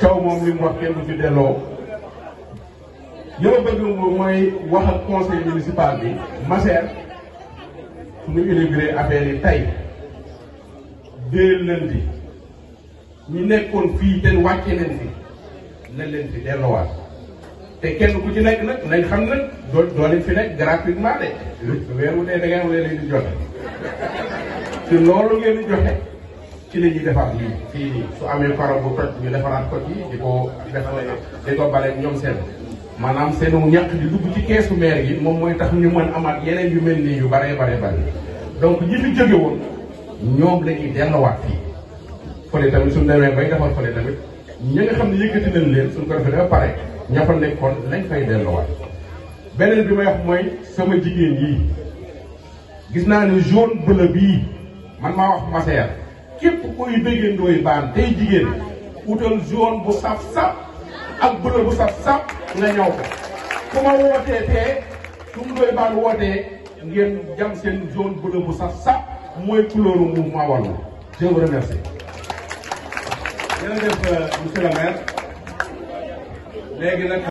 caw moom li mu wax kenn du ci delloo li ma bëgg mooy wax ak conseil municipal bi Maser ñu inauguré affaire yi tey dès lundi ñu nekkoon fii te wàcce leen fi na leen fi delloowaat te kenn ku ci nekk nag nañ xam nag doo doo leen fi nekk gratuitement de weer wu dee da ngay am leen joxe te loolu ngeen joxe. ci la ñuy defar lii fii nii su amee faro bu toj ñu defaraat ko ci di ko def di ko bale ñoom seen maanaam seenu ñàkk di dugg ci keesu maire yi moom mooy tax ñu mën amaat yeneen yu mel nii yu baree baree bari donc ñi fi jóge woon ñoom la ñuy delluwaat fii fële tamit suñu demee bay defar fële tamit ñi nga xam ne yëkkati nañ leen suñu ko defee ba pare ña fa nekkoon lañ fay delluwaat beneen bi may wax mooy sama jigéen yii gis naa ne jaune bleu bii man maa wax Massaër képp kuy bëggandooy baan tey jigéen utal zone bu saf saf ak bleu bu saf saf nga ñëw ko ku wootee tee su ndoy baan wootee ngeen jam seen zone bleu bu saf saf mooy couleur mouvement Wallu je vous remercie jërëjëf euh, monsieur le maire léegi nag